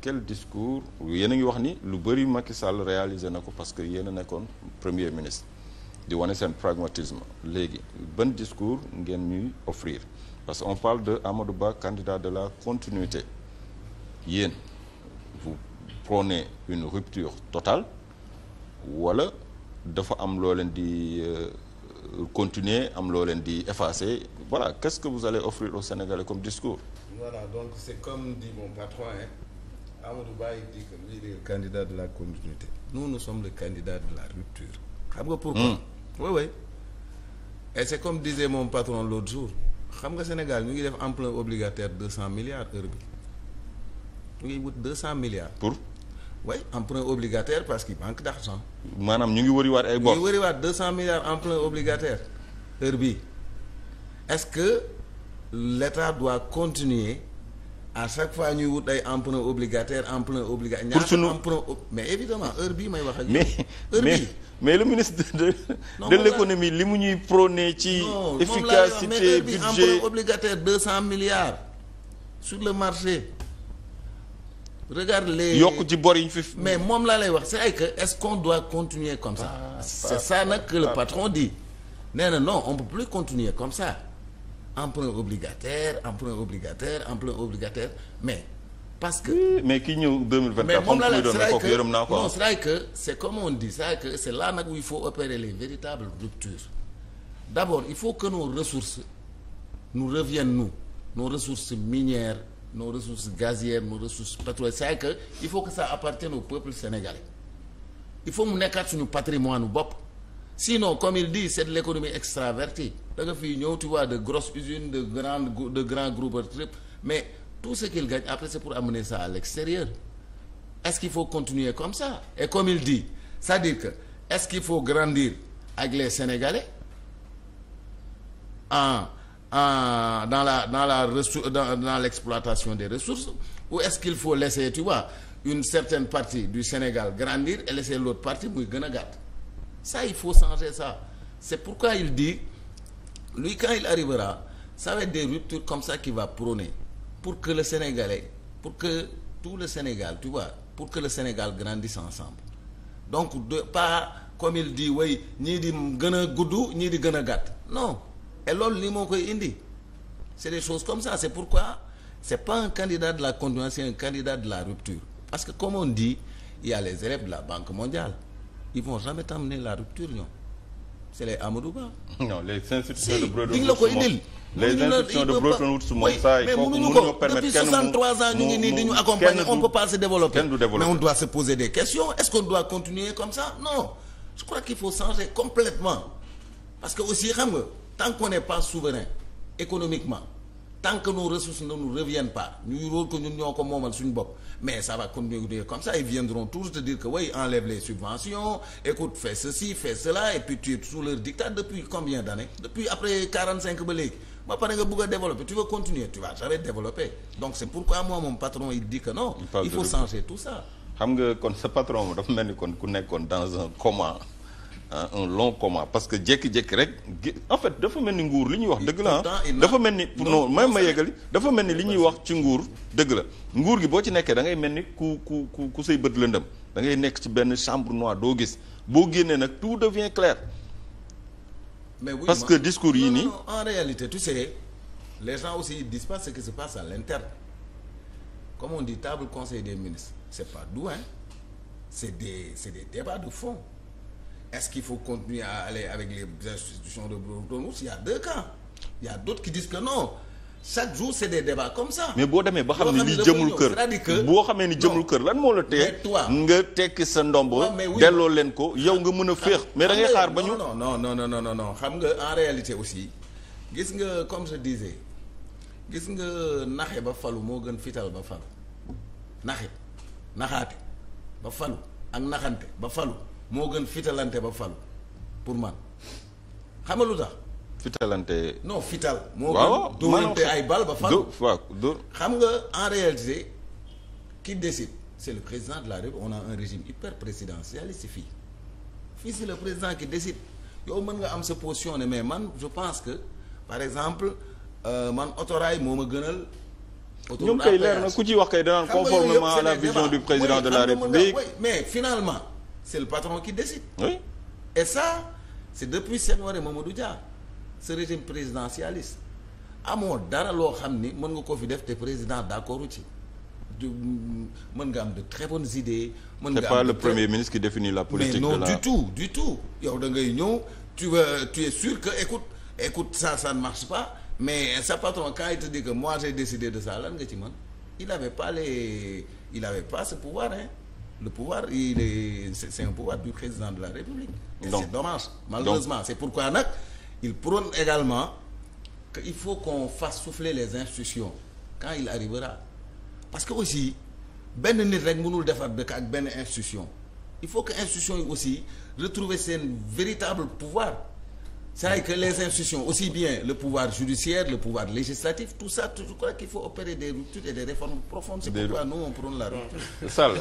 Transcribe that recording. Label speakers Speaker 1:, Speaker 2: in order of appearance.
Speaker 1: quel discours yéen a ngi wax ni lu bëri Macky Sall réalisé na ko parce que yéen nekkoon premier ministre di wane seen pragmatisme léegi ban discours ngeen mi offrir parce que on parle de Amadou Ba candidat de la continuité yéen vous prônez une rupture totale wala dafa am loo leen di euh, continuer am loo leen di effacer voilà qu'est-ce que vous allez offrir aux Sénégalais comme discours.
Speaker 2: voilà donc c'est comme dit mon patron hein. Amadou Ba il dit que lui il est le
Speaker 1: candidat de la continuité nous nous le candidat de
Speaker 2: la rupture. xam nga pourquoi. Hmm. oui oui et c' est comme disait mon patron l' jour xam nga Sénégal ñu ngi def emprunt obligataire deux cent milliards heure bi ñu ngi wut deux cent milliards. pour. oui emprunt obligataire parce que manque d' argent.
Speaker 1: maanaam ñu ngi wëriwaat ay bor ñu ngi
Speaker 2: wëriwaat deux cent milliards emprunt obligataire heure bi est ce que l' état doit à chaque fois ñuy wut ay emprunt obligataire emprunt obligatoire. pour sunu emprunt mais évidemment heure bii may wax ak. mais heure mais,
Speaker 1: mais le ministre de non, de l'économie li mu ñuy prôné ci. efficacité budget non emprunt deux cent milliards sur le marché.
Speaker 2: regarde les yokk ci bor yi ñu fi. mais moom laa lay wax c'est vrai que est-ce qu'on doit continuer comme ça. Ah, c'est ça nag que le patron dit nee na non on peut plus continuer comme ça. emprunt obligataire emprunt obligataire emprunt obligataire mais parce
Speaker 1: que. mais ki ñëw mais moom la la c'est
Speaker 2: que c'est comme on dit c'est que c'est là nag où il faut opérer les véritables ruptures d'abord il faut que nos ressources nous reviennent nous nos ressources minières nos ressources gazières nos ressources pétrolières c'est que il faut que ça appartienne au peuple sénégalais il faut mu nekkaat suñu patrimoine bopp. sinon comme il dit c'est de l'économie extravertie da nga fii ñëw tu de grosses usines de grandes de grands trip mais tout ce qu'il gagne après c'est pour amener ça à l'extérieur est-ce qu'il faut continuer comme ça et comme il dit dire que est-ce qu'il faut grandir avec les Sénégalais en dans la dans la dans, dans l'exploitation des ressources ou est-ce qu'il faut laisser tu vois une certaine partie du Sénégal grandir et laisser l'autre partie muy gën a gàtt ça il faut changer ça c'est pourquoi il dit lui quand il arrivera ça va des ruptures comme ça qu'il va prôner pour que le Sénégalais pour que tout le Sénégal tu vois pour que le Sénégal grandisse ensemble donc de pas comme il dit way ñii di gën a gudd ñii di gën a gàtt non et loolu lii moo koy indi c'est des choses comme ça c'est pourquoi c'est pas un candidat de la continuité c'est un candidat de la rupture parce que comme on dit il y a les de la Banque mondiale ils vont jamais t'amener la rupture ñoom c'est les Amadou Ba.
Speaker 1: non si, de Bretton Woods moom les institutions de Bretton Woods moom ça il faut mënuñoo permettre kenn mu mais mënuñu ko depuis 63 ans ñu ngi nii di ñu accompagner on peut
Speaker 2: pas se développer. mais on doit se poser des questions est-ce doit continuer comme ça non je crois qu'il faut changer complètement parce que aussi xam nga tant qu'on pas souverain économiquement. tant que nos ressources ne reviennent pas ñu yóor ko ñun ñoo ko moomal suñu bopp mais ça va continuer comme ça ils viendront tous te dire que oui enlève les subventions écoute fais ceci fais cela et puis tu es sous leur diktat depuis combien d'années depuis après 45 ba léegi ba pare nga bëgg a développer tu veux continuer tu vas jamais développer donc c'est pourquoi moi patron il dit que non il, faut changer tout ça
Speaker 1: xam nga kon sa patron ku nekkoon un long combat parce que jékki-jékki rek en fait dafa mel ni nguur li ñuy wax dëgg la dafa mel ni pour non may ma yëgali dafa mel ni li ñuy wax ci nguur dëgg la nguur gi boo ci nekkee da ngay mel ni ku ku ku ku say bët lëndëm da ngay nekk ci benn chambre noire doo gis boo génnee nag tout de clair mais oui, parce que discours yi nii en réalité tu sais
Speaker 2: les gens aussi ils disent pas ce qui se passe à l'interne table conseil des ministres c'est pas doux hein c'est des c'est des débats de fond est-ce qu'il faut continuer à aller avec les institutions de l'autonomie il y a deux cas il y a que non chaque jour c'est des débats comme ça. mais boo demee ba xam ne ni jëmul kër boo xamee ni jëmul
Speaker 1: kër lan moo la tee nga tekk sa ndombo delloo leen ko yow nga mën a féex mais da xaar ba ñu non non non non non xam nga en réalité aussi gis nga comme
Speaker 2: je disais gis nga naxe ba falu moo gën fital ba falu naxe naxaate ba falu ak naxante ba falu moo gën fitalante ba falu pour man xam nga lu tax.
Speaker 1: fitalante.
Speaker 2: non fital. moo gën dóorante ay bal ba falu. xam nga en réalité qui décide c'est le président de la République on a un régime hyper présidentialiste fii fii c'est le président ki décide yow mën nga am sa position ne mais man je pense que par exemple euh, man autorail moo ma gënal. ñoom kay leer na ku ci wax kay
Speaker 1: danaan conformément à la vision du président de la République
Speaker 2: mais finalement. c'est le patron qui décide. oui et ça c'est depuis Senghor et Mamadou Dia ce régime présidentialiste amoo dara loo xam ni mën nga ko fi def te président d'accord ci. mën nga am de très bonnes idées. mën nga am c'est pas le premier
Speaker 1: ministre qui définit la politique. mais non du tout
Speaker 2: du tout yow da ngay ñëw tu vas tu es sûr que écoute écoute ça ça ne marche pas mais sa patron quand il te dit que moi j'ai décidé de sa lan nga ci man il avait pas les il avait pas ce pouvoir hein. le pouvoir il est c'est un pouvoir du président de la République et c'est dommage malheureusement c'est pourquoi nag il prône également qu'il faut qu'on fasse souffler les institutions quand il arrivera parce que aussi benn nit rek mënul defar dëkk ak benn institution il faut que institution yi aussi retrouver seen véritable pouvoir cest que les institutions aussi bien le pouvoir judiciaire le pouvoir législatif tout ça je crois qu'il faut opérer des ruptures et des réformes profondes c'est pourquoi nous on prône la rupture